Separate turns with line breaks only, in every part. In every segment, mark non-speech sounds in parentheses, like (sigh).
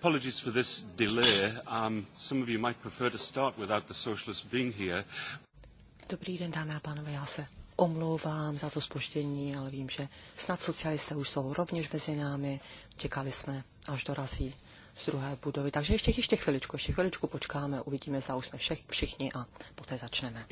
apologies for this delay. Um, some of you might prefer to start without the socialists being here.
Dobrý den, dámy a pánové, já se omlouvám za to spoštění, ale vím, že snad socialisté už jsou rovněž mezi námi. Čekali jsme, až dorazí z druhé budovy. Takže ještě, ještě chviličku, ještě chviličku počkáme, uvidíme, zda už jsme všech, všichni a poté začneme.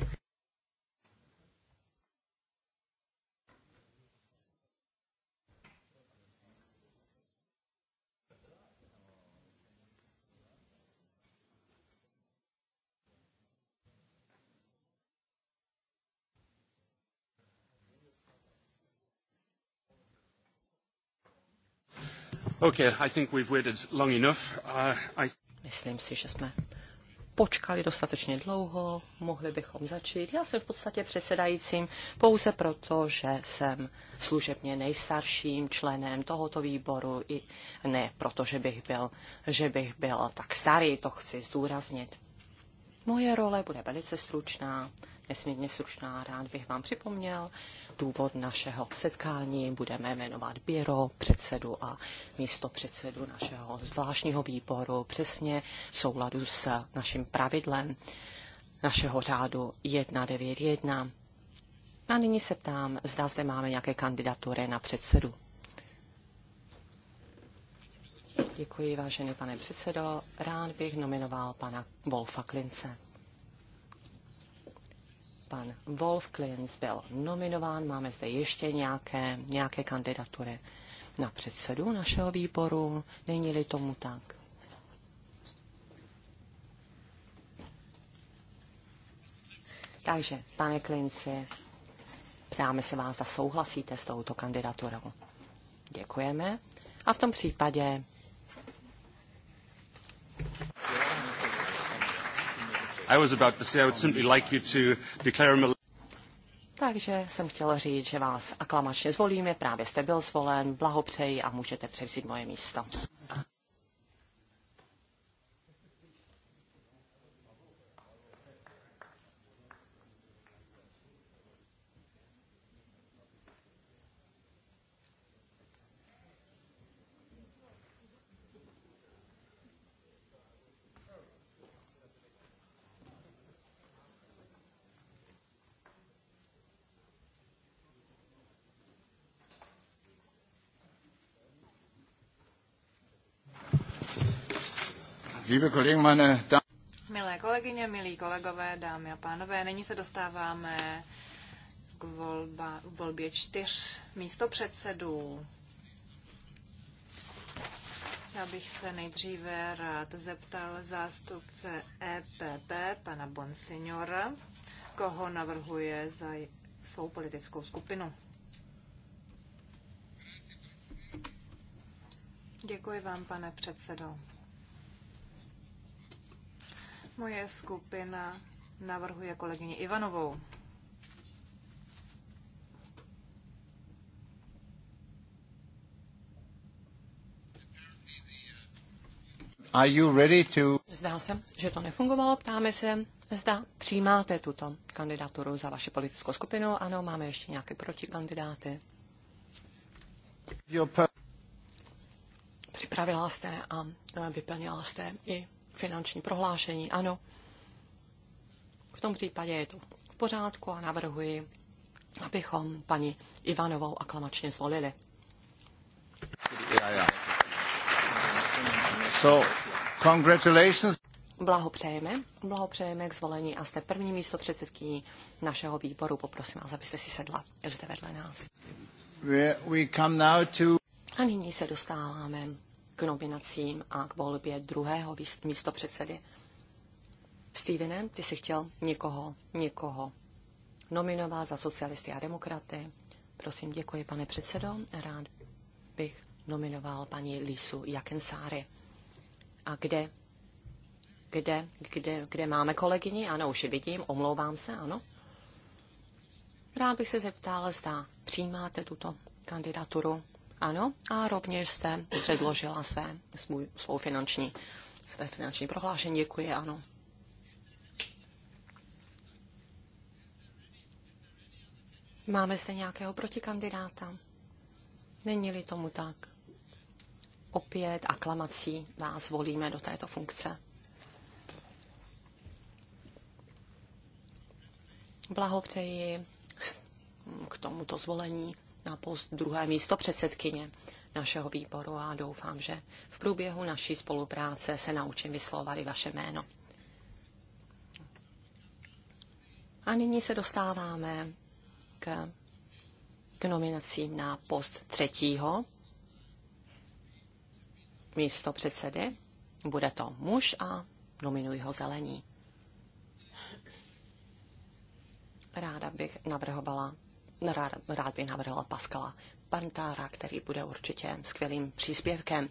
Uh,
Myslím si, že jsme počkali dostatečně dlouho, mohli bychom začít. Já jsem v podstatě předsedajícím pouze proto, že jsem služebně nejstarším členem tohoto výboru i ne proto, že bych byl, že bych byl tak starý, to chci zdůraznit. Moje role bude velice stručná nesmírně stručná. Rád bych vám připomněl důvod našeho setkání. Budeme jmenovat Běro, předsedu a místo předsedu našeho zvláštního výboru přesně v souladu s naším pravidlem našeho řádu 191. A nyní se ptám, zda zde máme nějaké kandidatury na předsedu. Děkuji, vážený pane předsedo. Rád bych nominoval pana Wolfa Klince. Pan Wolf Klins byl nominován. Máme zde ještě nějaké, nějaké kandidatury na předsedu našeho výboru. Není-li tomu tak? Takže, pane Klinci, ptáme se vás, zda souhlasíte s touto kandidaturou. Děkujeme. A v tom případě takže jsem chtěl říct, že vás aklamačně zvolíme, právě jste byl zvolen, blahopřeji a můžete převzít moje místo.
Milé kolegyně, milí kolegové, dámy a pánové, nyní se dostáváme k volba, k volbě čtyř místopředsedů. Já bych se nejdříve rád zeptal zástupce EPP, pana Bonsignora, koho navrhuje za svou politickou skupinu. Děkuji vám, pane předsedo. Moje skupina navrhuje kolegyni Ivanovou.
Are you ready to... Zdá se,
že to nefungovalo. Ptáme se, zda přijímáte tuto kandidaturu za vaši politickou skupinu. Ano, máme ještě nějaké protikandidáty. Připravila jste a vyplnila jste i finanční prohlášení, ano. V tom případě je to v pořádku a navrhuji, abychom paní Ivanovou aklamačně zvolili.
Yeah, yeah. So, congratulations.
Blahopřejeme. Blahopřejeme k zvolení a jste první místo předsedkyní našeho výboru. Poprosím vás, abyste si sedla zde vedle nás.
We come now to...
A nyní se dostáváme k nominacím a k volbě druhého místo předsedy. Stevenem, ty jsi chtěl někoho, někoho nominovat za socialisty a demokraty. Prosím, děkuji, pane předsedo. Rád bych nominoval paní Lisu Jakensáry. A kde? Kde, kde, kde máme kolegyni? Ano, už ji vidím, omlouvám se, ano. Rád bych se zeptal, zda přijímáte tuto kandidaturu. Ano, a rovněž jste předložila své, svůj, svou finanční, své finanční prohlášení. Děkuji, ano. Máme zde nějakého protikandidáta? Není-li tomu tak? Opět aklamací vás volíme do této funkce. Blahopřeji k tomuto zvolení na post druhé místo předsedkyně našeho výboru a doufám, že v průběhu naší spolupráce se naučím vyslovat i vaše jméno. A nyní se dostáváme k, k nominacím na post třetího místo předsedy. Bude to muž a nominuji ho zelení. Ráda bych navrhovala rád, rád bych navrhla Paskala Pantára, který bude určitě skvělým příspěvkem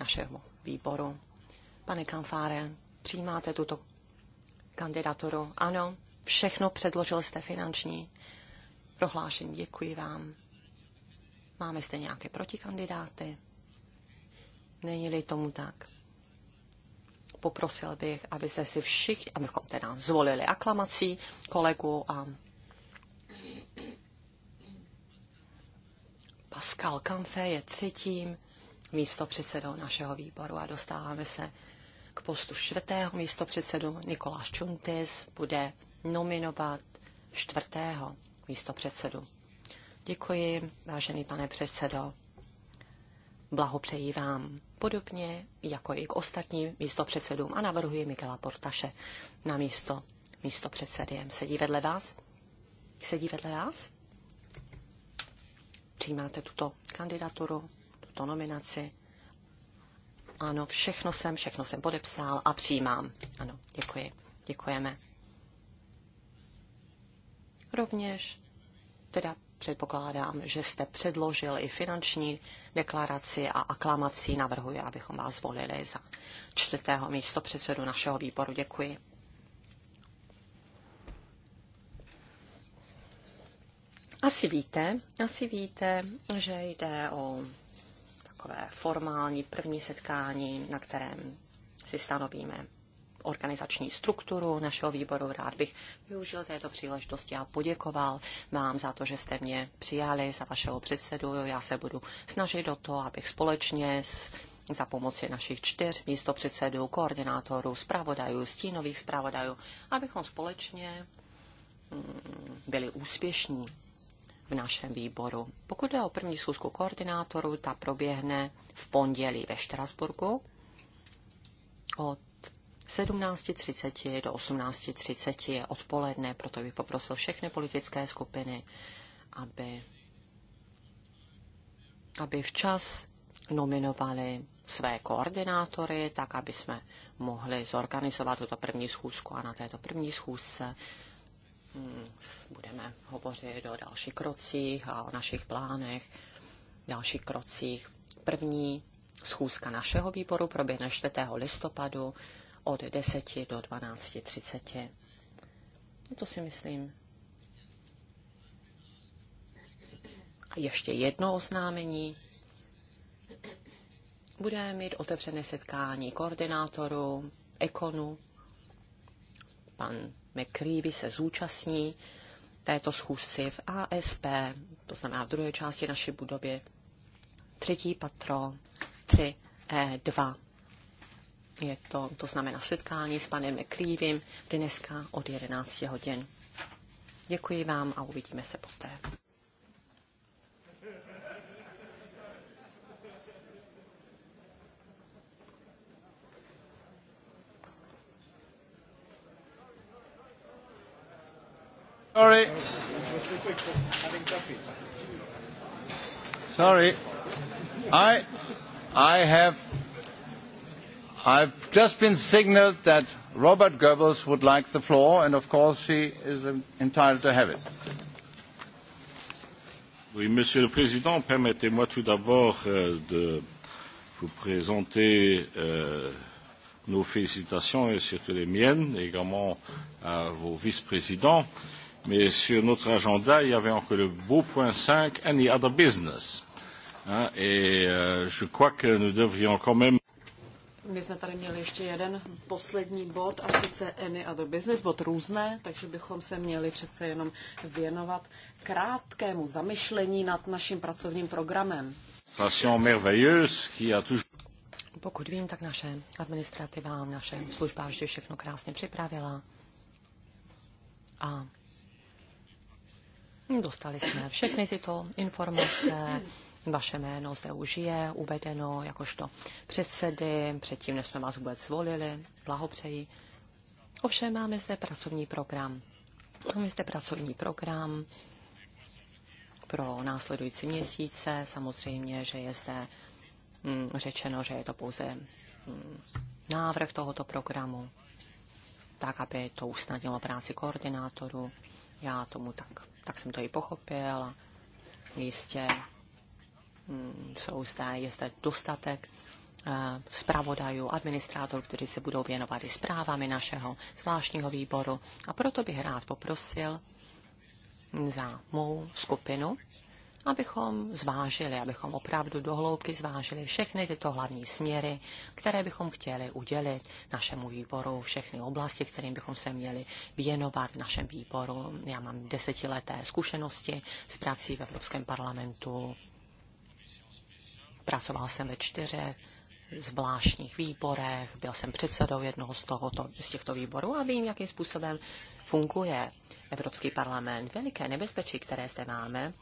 našemu výboru. Pane Kanfáre, přijímáte tuto kandidaturu? Ano, všechno předložil jste finanční prohlášení. Děkuji vám. Máme zde nějaké protikandidáty? Není-li tomu tak, poprosil bych, abyste si všichni, abychom teda zvolili aklamací kolegu a Pascal Kanfe je třetím místo předsedou našeho výboru a dostáváme se k postu čtvrtého místo předsedu. Nikoláš Čuntis bude nominovat čtvrtého místo předsedu. Děkuji, vážený pane předsedo. Blahopřeji vám podobně jako i k ostatním místopředsedům a navrhuji Mikela Portaše na místo místopředsedy. Sedí vedle vás? Sedí vedle vás? přijímáte tuto kandidaturu, tuto nominaci. Ano, všechno jsem, všechno jsem podepsal a přijímám. Ano, děkuji. Děkujeme. Rovněž teda předpokládám, že jste předložil i finanční deklaraci a aklamací navrhuji, abychom vás zvolili za čtvrtého místo předsedu našeho výboru. Děkuji. Asi víte, asi víte, že jde o takové formální první setkání, na kterém si stanovíme organizační strukturu našeho výboru. Rád bych využil této příležitosti a poděkoval vám za to, že jste mě přijali za vašeho předsedu. Já se budu snažit o to, abych společně s za pomoci našich čtyř místopředsedů, koordinátorů, zpravodajů, stínových zpravodajů, abychom společně mm, byli úspěšní v našem výboru. Pokud jde o první schůzku koordinátorů, ta proběhne v pondělí ve Štrasburgu od 17.30 do 18.30 odpoledne, proto bych poprosil všechny politické skupiny, aby, aby včas nominovali své koordinátory, tak aby jsme mohli zorganizovat tuto první schůzku a na této první schůzce Hmm, budeme hovořit o dalších krocích a o našich plánech, dalších krocích. První schůzka našeho výboru proběhne 4. listopadu od 10 do 12.30. No to si myslím. A ještě jedno oznámení. Budeme mít otevřené setkání koordinátorů, ekonu. Pan McCreevy se zúčastní této schůzky v ASP, to znamená v druhé části naší budovy, třetí patro 3E2. Je to, to znamená setkání s panem McCreevym dneska od 11 hodin. Děkuji vám a uvidíme se poté.
Sorry. Sorry. I, I have, I've just been signaled that Robert Goebbels would like the floor, and of course he is entitled to have it. Oui, Monsieur le Président, permettez-moi tout d'abord euh, de vous présenter euh, nos félicitations et surtout les miennes, également à vos vice-présidents. Euh, mais sur notre agenda, il y avait encore le beau point 5, any other business. Hein, et euh, je crois que nous devrions quand même
my jsme tady měli ještě jeden poslední bod, a sice Any Other Business, bod různé, takže bychom se měli přece jenom věnovat krátkému zamyšlení nad naším pracovním programem.
Pokud
vím, tak naše administrativa, naše služba vždy všechno krásně připravila. A Dostali jsme všechny tyto informace. Vaše jméno zde už je uvedeno jakožto předsedy, předtím, než jsme vás vůbec zvolili. Blahopřeji. Ovšem máme zde pracovní program. Máme zde pracovní program pro následující měsíce. Samozřejmě, že je zde mm, řečeno, že je to pouze mm, návrh tohoto programu, tak aby to usnadnilo práci koordinátoru. Já tomu tak tak jsem to i pochopil a jistě mm, jsou zde, je zde dostatek eh, zpravodajů, administrátorů, kteří se budou věnovat i zprávami našeho zvláštního výboru. A proto bych rád poprosil za mou skupinu, abychom zvážili, abychom opravdu dohloubky zvážili všechny tyto hlavní směry, které bychom chtěli udělit našemu výboru, všechny oblasti, kterým bychom se měli věnovat v našem výboru. Já mám desetileté zkušenosti s prací v Evropském parlamentu. Pracoval jsem ve čtyřech zvláštních výborech, byl jsem předsedou jednoho z, tohoto, z těchto výborů a vím, jakým způsobem funguje Evropský parlament. Veliké nebezpečí, které zde máme,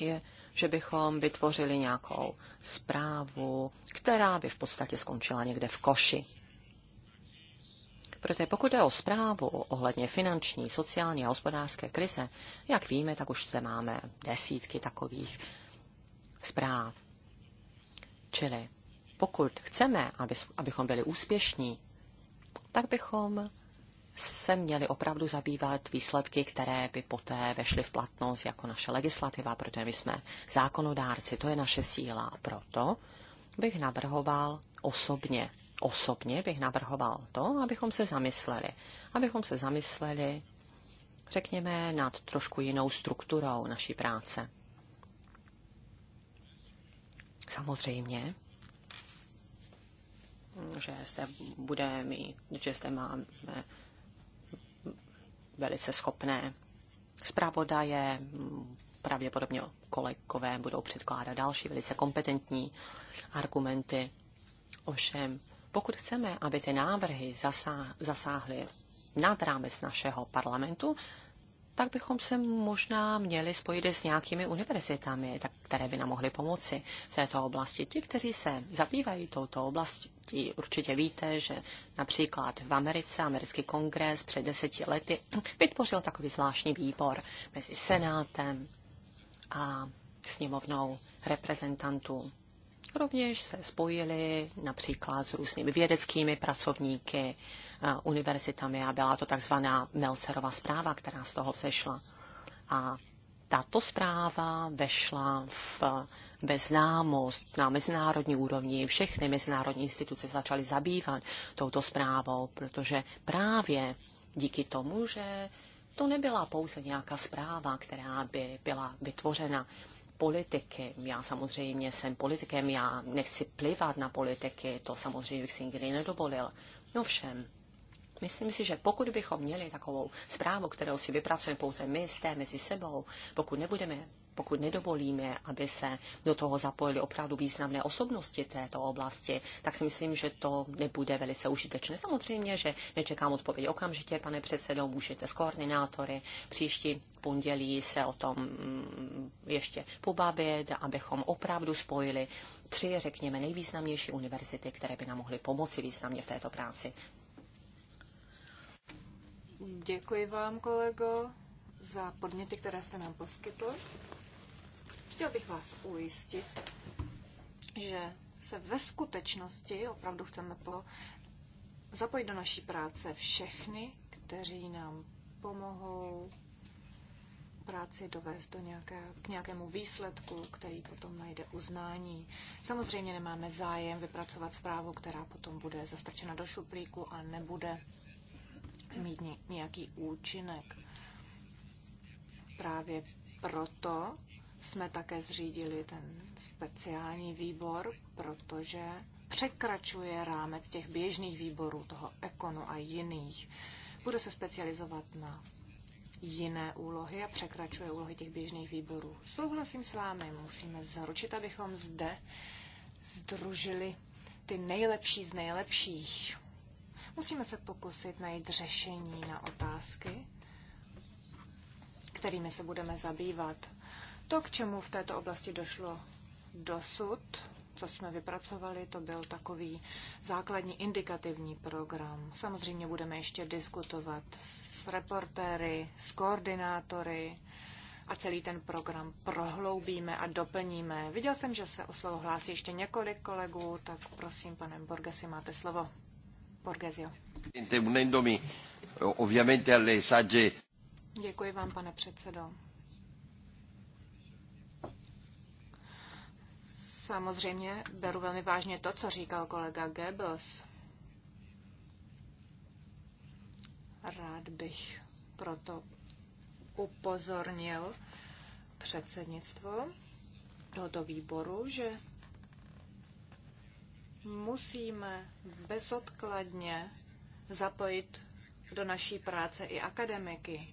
je, že bychom vytvořili nějakou zprávu, která by v podstatě skončila někde v koši. Protože pokud jde o zprávu ohledně finanční, sociální a hospodářské krize, jak víme, tak už zde máme desítky takových zpráv. Čili pokud chceme, aby, abychom byli úspěšní, tak bychom se měli opravdu zabývat výsledky, které by poté vešly v platnost jako naše legislativa, protože my jsme zákonodárci, to je naše síla. proto bych navrhoval osobně, osobně bych navrhoval to, abychom se zamysleli. Abychom se zamysleli, řekněme, nad trošku jinou strukturou naší práce. Samozřejmě, že zde bude mít, že zde máme velice schopné je pravděpodobně kolegové budou předkládat další velice kompetentní argumenty. Ovšem, pokud chceme, aby ty návrhy zasáhly nad rámec našeho parlamentu, tak bychom se možná měli spojit s nějakými univerzitami, tak které by nám mohly pomoci v této oblasti. Ti, kteří se zabývají touto oblastí, určitě víte, že například v Americe americký kongres před deseti lety vytvořil takový zvláštní výbor mezi senátem a sněmovnou reprezentantů. Rovněž se spojili například s různými vědeckými pracovníky, eh, univerzitami a byla to takzvaná Melcerova zpráva, která z toho vzešla. A tato zpráva vešla v známost na mezinárodní úrovni. Všechny mezinárodní instituce začaly zabývat touto zprávou, protože právě díky tomu, že to nebyla pouze nějaká zpráva, která by byla vytvořena politiky. Já samozřejmě jsem politikem, já nechci plivat na politiky, to samozřejmě bych si nikdy nedovolil. No všem, Myslím si, že pokud bychom měli takovou zprávu, kterou si vypracujeme pouze my té mezi sebou, pokud nebudeme pokud nedovolíme, aby se do toho zapojili opravdu významné osobnosti této oblasti, tak si myslím, že to nebude velice užitečné. Samozřejmě, že nečekám odpověď okamžitě, pane předsedo, můžete s koordinátory příští pondělí se o tom mm, ještě pobavit, abychom opravdu spojili tři, řekněme, nejvýznamnější univerzity, které by nám mohly pomoci významně v této práci.
Děkuji vám, kolego, za podněty, které jste nám poskytl. Chtěl bych vás ujistit, že se ve skutečnosti opravdu chceme po zapojit do naší práce všechny, kteří nám pomohou práci dovést do nějaké, k nějakému výsledku, který potom najde uznání. Samozřejmě nemáme zájem vypracovat zprávu, která potom bude zastrčena do šuplíku a nebude mít nějaký účinek. Právě proto jsme také zřídili ten speciální výbor, protože překračuje rámec těch běžných výborů, toho ekonu a jiných. Bude se specializovat na jiné úlohy a překračuje úlohy těch běžných výborů. Souhlasím s vámi, musíme zaručit, abychom zde združili ty nejlepší z nejlepších. Musíme se pokusit najít řešení na otázky, kterými se budeme zabývat. To, k čemu v této oblasti došlo dosud, co jsme vypracovali, to byl takový základní indikativní program. Samozřejmě budeme ještě diskutovat s reportéry, s koordinátory a celý ten program prohloubíme a doplníme. Viděl jsem, že se o slovo hlásí ještě několik kolegů, tak prosím, pane Borgesi, máte slovo. Borgesio.
Eh,
Děkuji vám, pane předsedo. Samozřejmě beru velmi vážně to, co říkal kolega Goebbels. Rád bych proto upozornil předsednictvo tohoto výboru, že musíme bezodkladně zapojit do naší práce i akademiky.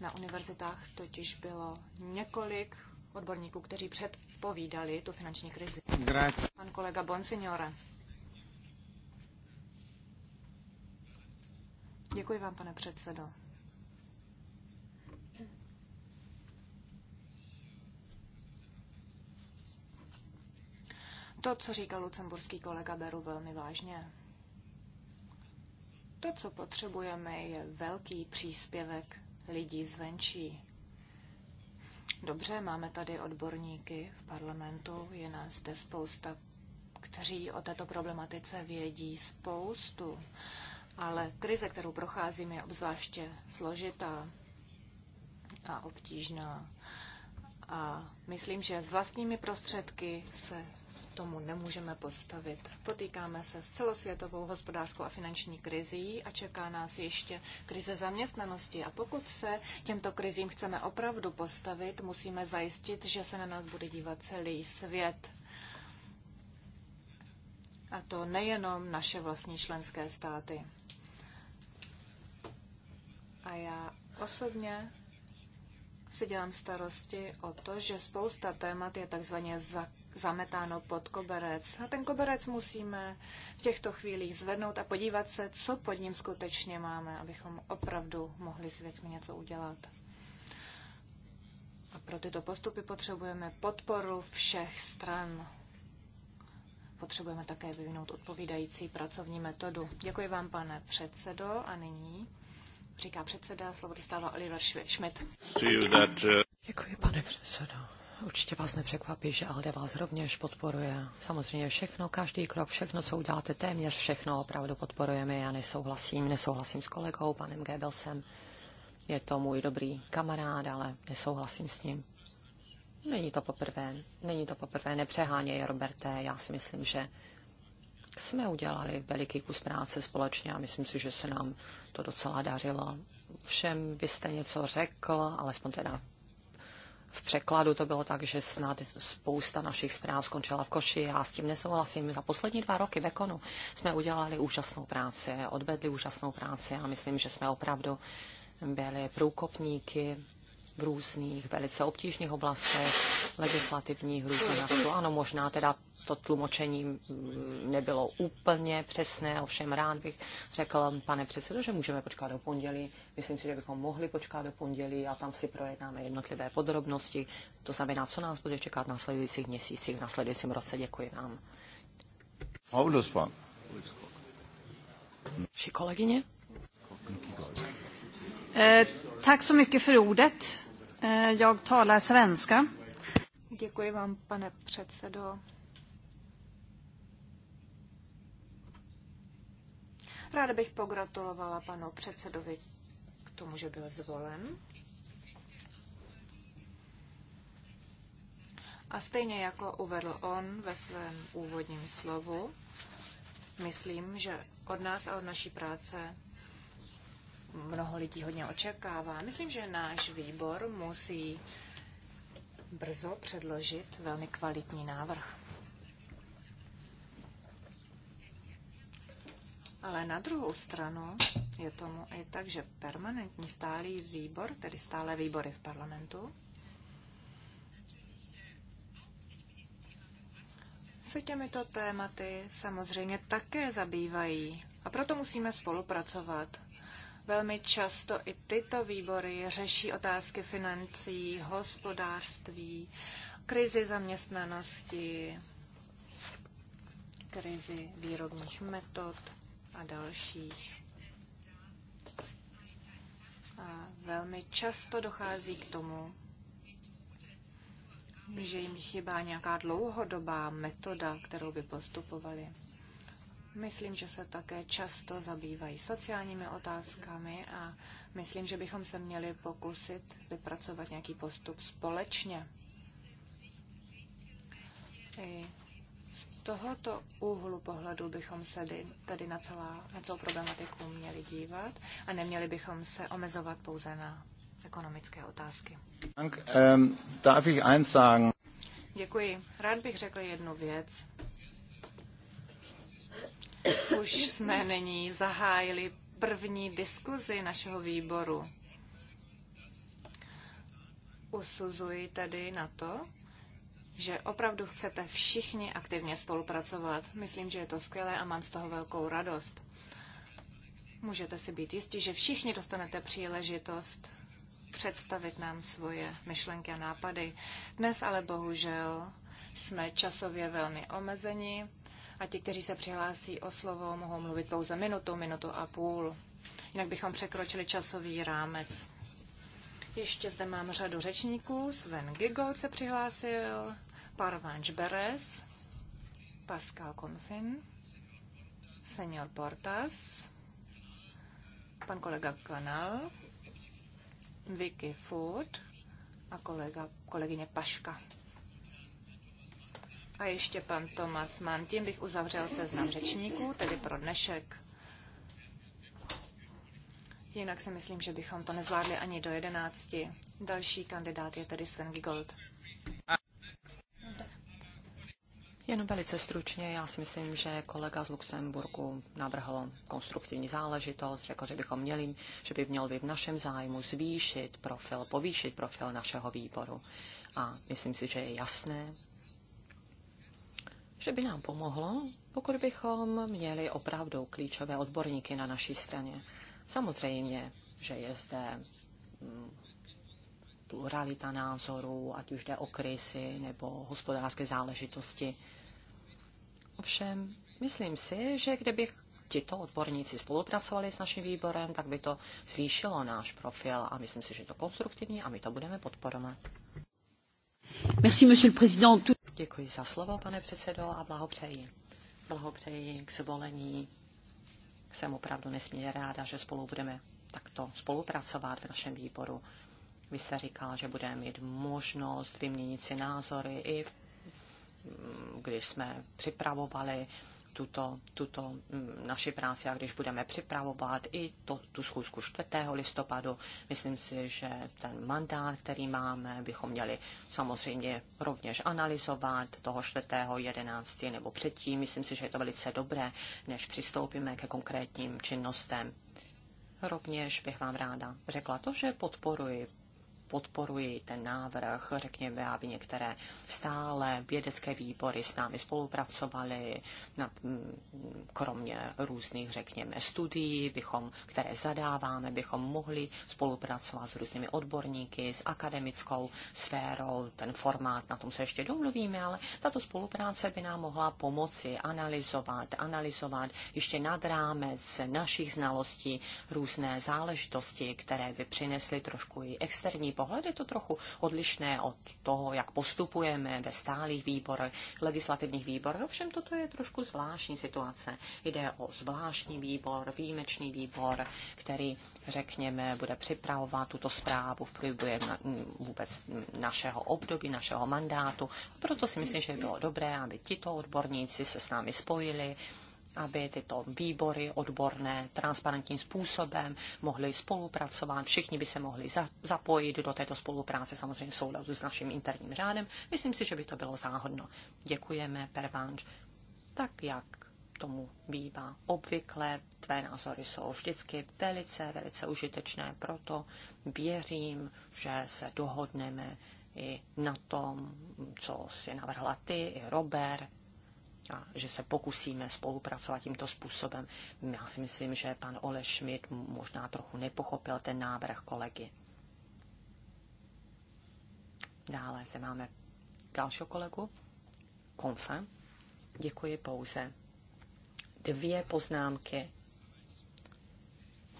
Na univerzitách totiž bylo několik odborníků, kteří předpovídali tu finanční krizi. Grazie. Pan kolega Bonsignore. Děkuji vám, pane předsedo. To, co říkal lucemburský kolega, beru velmi vážně. To, co potřebujeme, je velký příspěvek lidí zvenčí. Dobře, máme tady odborníky v parlamentu, je nás zde spousta, kteří o této problematice vědí spoustu, ale krize, kterou procházím, je obzvláště složitá a obtížná. A myslím, že s vlastními prostředky se tomu nemůžeme postavit. Potýkáme se s celosvětovou hospodářskou a finanční krizí a čeká nás ještě krize zaměstnanosti. A pokud se těmto krizím chceme opravdu postavit, musíme zajistit, že se na nás bude dívat celý svět. A to nejenom naše vlastní členské státy. A já osobně si dělám starosti o to, že spousta témat je takzvaně za, zametáno pod koberec. A ten koberec musíme v těchto chvílích zvednout a podívat se, co pod ním skutečně máme, abychom opravdu mohli s věcmi něco udělat. A pro tyto postupy potřebujeme podporu všech stran. Potřebujeme také vyvinout odpovídající pracovní metodu. Děkuji vám, pane předsedo, a nyní říká předseda, slovo dostává Oliver Schmidt. Uh, Děkuji, pane
předsedo.
Určitě vás nepřekvapí, že Alde vás rovněž podporuje. Samozřejmě všechno, každý krok, všechno, co uděláte, téměř všechno opravdu podporujeme. Já nesouhlasím, nesouhlasím s kolegou, panem Gebelsem. Je to můj dobrý kamarád, ale nesouhlasím s ním. Není to poprvé, není to poprvé, nepřeháněj, Roberte, já si myslím, že jsme udělali veliký kus práce společně a myslím si, že se nám to docela dařilo. Všem vy jste něco řekl, alespoň teda v překladu to bylo tak, že snad spousta našich zpráv skončila v koši. Já s tím nesouhlasím. Za poslední dva roky v Ekonu jsme udělali úžasnou práci, odvedli úžasnou práci a myslím, že jsme opravdu byli průkopníky v různých velice obtížných oblastech legislativních různých Ano, možná teda to tlumočení nebylo úplně přesné, ovšem rád bych řekl, pane předsedo, že můžeme počkat do pondělí. Myslím si, že bychom mohli počkat do pondělí a tam si projednáme jednotlivé podrobnosti. To znamená, co nás bude čekat v následujících měsících, v následujícím roce. Děkuji vám.
Vši Ulfskog.
Vaši kolegyně. Eh, tack så mycket för ordet. Eh, jag talar svenska. Děkuji vám, pane předsedo. Ráda bych pogratulovala panu předsedovi k tomu, že byl zvolen. A stejně jako uvedl on ve svém úvodním slovu, myslím, že od nás a od naší práce mnoho lidí hodně očekává. Myslím, že náš výbor musí brzo předložit velmi kvalitní návrh. Ale na druhou stranu je tomu i tak, že permanentní stálý výbor, tedy stále výbory v parlamentu, se těmito tématy samozřejmě také zabývají. A proto musíme spolupracovat. Velmi často i tyto výbory řeší otázky financí, hospodářství, krizi zaměstnanosti, krizi výrobních metod a dalších. A velmi často dochází k tomu, že jim chybá nějaká dlouhodobá metoda, kterou by postupovali. Myslím, že se také často zabývají sociálními otázkami a myslím, že bychom se měli pokusit vypracovat nějaký postup společně. I tohoto úhlu pohledu bychom se tedy na, celá, na celou problematiku měli dívat a neměli bychom se omezovat pouze na ekonomické otázky. Ähm, Děkuji. Rád bych řekl jednu věc. Už jsme nyní zahájili první diskuzi našeho výboru. Usuzuji tedy na to, že opravdu chcete všichni aktivně spolupracovat. Myslím, že je to skvělé a mám z toho velkou radost. Můžete si být jistí, že všichni dostanete příležitost představit nám svoje myšlenky a nápady. Dnes ale bohužel jsme časově velmi omezeni a ti, kteří se přihlásí o slovo, mohou mluvit pouze minutu, minutu a půl. Jinak bychom překročili časový rámec. Ještě zde mám řadu řečníků. Sven Gigold se přihlásil, Parvanč Beres, Pascal Konfin, senior Portas, pan kolega Kanal, Vicky Food a kolega, kolegyně Paška. A ještě pan Tomas Mantin bych uzavřel seznam řečníků, tedy pro dnešek. Jinak si myslím, že bychom to nezvládli ani do jedenácti. Další kandidát je tedy Sven Gold.
Jenom velice stručně, já si myslím, že kolega z Luxemburgu navrhl konstruktivní záležitost, řekl, že bychom měli, že by měl by v našem zájmu zvýšit profil, povýšit profil našeho výboru. A myslím si, že je jasné, že by nám pomohlo, pokud bychom měli opravdu klíčové odborníky na naší straně. Samozřejmě, že je zde mm, pluralita názorů, ať už jde o krizi nebo hospodářské záležitosti. Ovšem, myslím si, že kdybych tito odborníci spolupracovali s naším výborem, tak by to zvýšilo náš profil a myslím si, že je to konstruktivní a my to budeme podporovat. Merci, monsieur le président. Děkuji za slovo, pane předsedo, a blahopřeji. Blahopřeji k zvolení jsem opravdu nesmírně ráda, že spolu budeme takto spolupracovat v našem výboru. Vy jste říkal, že budeme mít možnost vyměnit si názory i v, když jsme připravovali uh, tuto, tuto mm, naši práci a když budeme připravovat i to, tu schůzku 4. listopadu, myslím si, že ten mandát, který máme, bychom měli samozřejmě rovněž analyzovat toho 4. 11. nebo předtím. Myslím si, že je to velice dobré, než přistoupíme ke konkrétním činnostem. Rovněž bych vám ráda řekla to, že podporuji podporuji ten návrh, řekněme, aby některé stále vědecké výbory s námi spolupracovaly, na, mm, kromě různých, řekněme, studií, bychom, které zadáváme, bychom mohli spolupracovat s různými odborníky, s akademickou sférou, ten formát, na tom se ještě domluvíme, ale tato spolupráce by nám mohla pomoci analyzovat, analyzovat ještě nad rámec našich znalostí různé záležitosti, které by přinesly trošku i externí pohled je to trochu odlišné od toho, jak postupujeme ve stálých výborech, legislativních výborech. Ovšem toto je trošku zvláštní situace. Jde o zvláštní výbor, výjimečný výbor, který, řekněme, bude připravovat tuto zprávu v průběhu vůbec našeho období, našeho mandátu. Proto si myslím, že by bylo dobré, aby tito odborníci se s námi spojili aby tyto výbory odborné transparentním způsobem mohly spolupracovat, všichni by se mohli za, zapojit do této spolupráce, samozřejmě v souladu s naším interním řádem. Myslím si, že by to bylo záhodno. Děkujeme, Pervanč. Tak jak tomu bývá obvykle, tvé názory jsou vždycky velice, velice užitečné, proto věřím, že se dohodneme i na tom, co si navrhla ty, i Robert, a že se pokusíme spolupracovat tímto způsobem. Já si myslím, že pan Ole Schmidt možná trochu nepochopil ten návrh kolegy. Dále zde máme dalšího kolegu, Konfa. Děkuji pouze. Dvě poznámky.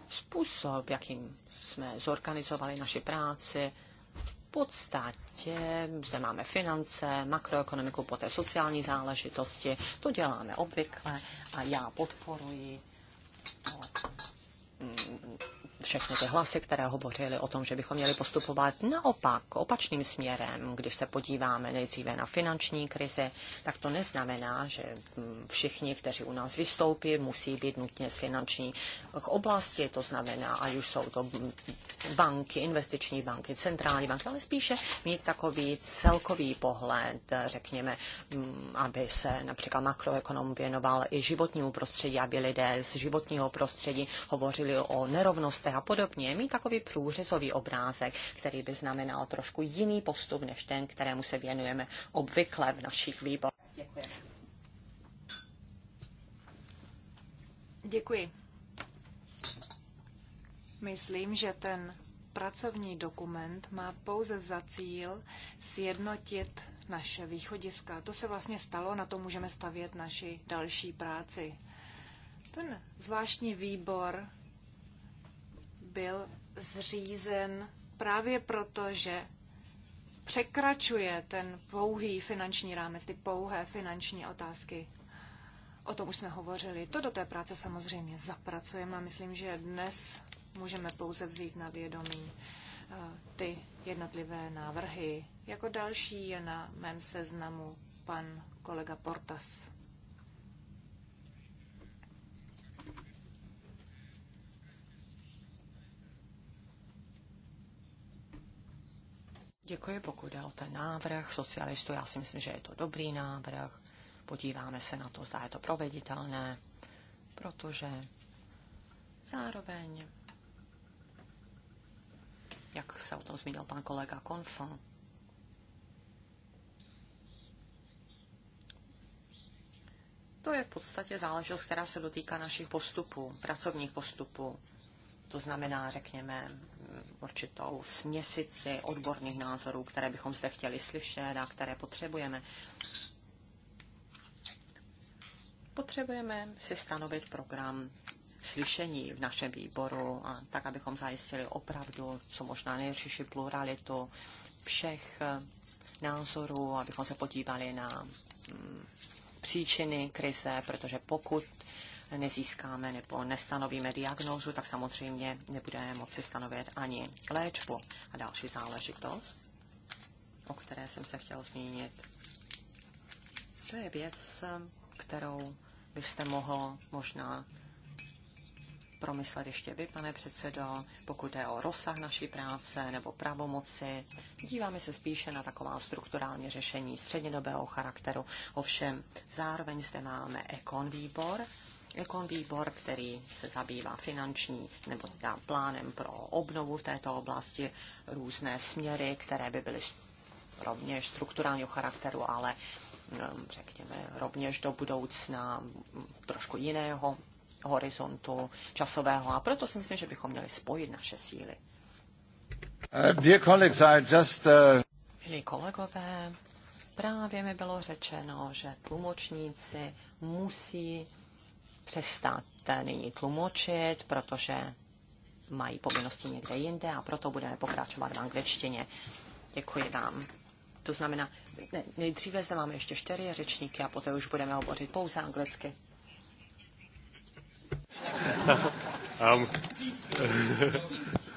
Způsob, jakým jsme zorganizovali naši práci, podstatě zde máme finance, makroekonomiku, poté sociální záležitosti. To děláme obvykle a já podporuji mm, všechny ty hlasy, které hovořily o tom, že bychom měli postupovat naopak, opačným směrem. Když se podíváme nejdříve na finanční krizi, tak to neznamená, že hm, všichni, kteří u nás vystoupí, musí být nutně z finanční oblasti. To znamená, ať už jsou to hm, banky, investiční banky, centrální banky, ale spíše mít takový celkový pohled, řekněme, hm, aby se například makroekonom věnoval i životnímu prostředí, aby lidé z životního prostředí hovořili o nerovnostech a podobně, mít takový průřezový obrázek, který by znamenal trošku jiný postup než ten, kterému se věnujeme obvykle v našich výborech.
Děkuji. Děkuji. Myslím, že ten pracovní dokument má pouze za cíl sjednotit naše východiska. To se vlastně stalo, na to můžeme stavět naši další práci. Ten zvláštní výbor byl zřízen právě proto, že překračuje ten pouhý finanční rámec, ty pouhé finanční otázky. O tom už jsme hovořili. To do té práce samozřejmě zapracujeme a myslím, že dnes můžeme pouze vzít na vědomí eh, ty jednotlivé návrhy. Jako další je na mém seznamu pan kolega Portas.
Děkuji, pokud jde o ten návrh socialistů. Já si myslím, že je to dobrý návrh. Podíváme se na to, zda je to proveditelné, protože zároveň, jak se o tom zmínil pan kolega Konfon, To je v podstatě záležitost, která se dotýká našich postupů, pracovních postupů. To znamená, řekněme, určitou směsici odborných názorů, které bychom zde chtěli slyšet a které potřebujeme. Potřebujeme si stanovit program slyšení v našem výboru, a tak abychom zajistili opravdu co možná nejřeší pluralitu všech eh, názorů, abychom se podívali na mm, příčiny krize, protože pokud nezískáme nebo nestanovíme diagnózu, tak samozřejmě nebudeme moci stanovit ani léčbu. A další záležitost, o které jsem se chtěl zmínit, to je věc, kterou byste mohl možná promyslet ještě vy, pane předsedo, pokud je o rozsah naší práce nebo pravomoci. Díváme se spíše na taková strukturální řešení střednědobého charakteru. Ovšem zároveň zde máme ekon výbor, ekon jako výbor, který se zabývá finanční nebo teda plánem pro obnovu v této oblasti, různé směry, které by byly rovněž strukturálního charakteru, ale mm, řekněme rovněž do budoucna trošku jiného horizontu časového a proto si myslím, že bychom měli spojit naše síly.
Uh, dear colleagues, I just, uh...
Milí kolegové, právě mi bylo řečeno, že tlumočníci musí přestat nyní tlumočit, protože mají povinnosti někde jinde a proto budeme pokračovat v angličtině. Děkuji vám. To znamená, ne, nejdříve zde máme ještě čtyři řečníky a poté už budeme hovořit pouze anglicky.
(laughs) um,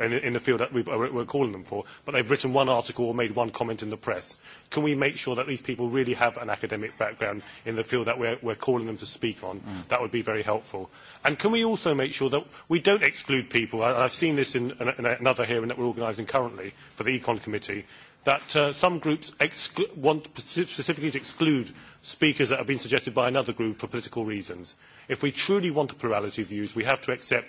in, in the field that we've, uh, we're calling them for, but they've written one article or made one comment in the press. Can we make sure that these people really have an academic background in the field that we're, we're calling them to speak on? Mm. That would be very helpful. And can we also make sure that we don't exclude people, I, I've seen this in, in another hearing that we're organising currently for the Econ Committee, that uh, some groups want specifically to exclude speakers that have been suggested by another group for political reasons. If we truly want a plurality of views, we have to accept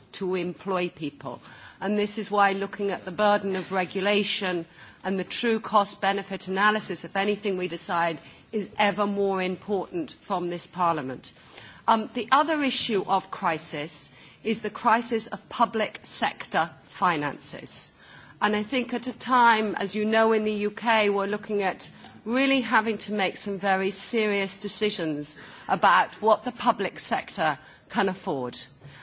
to employ people. And this is why looking at the burden of regulation and the true cost-benefit analysis if anything we decide is ever more important from this Parliament. Um, the other issue of crisis is the crisis of public sector finances. And I think at a time, as you know, in the UK, we're looking at really having to make some very serious decisions about what the public sector can afford.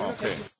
Okay.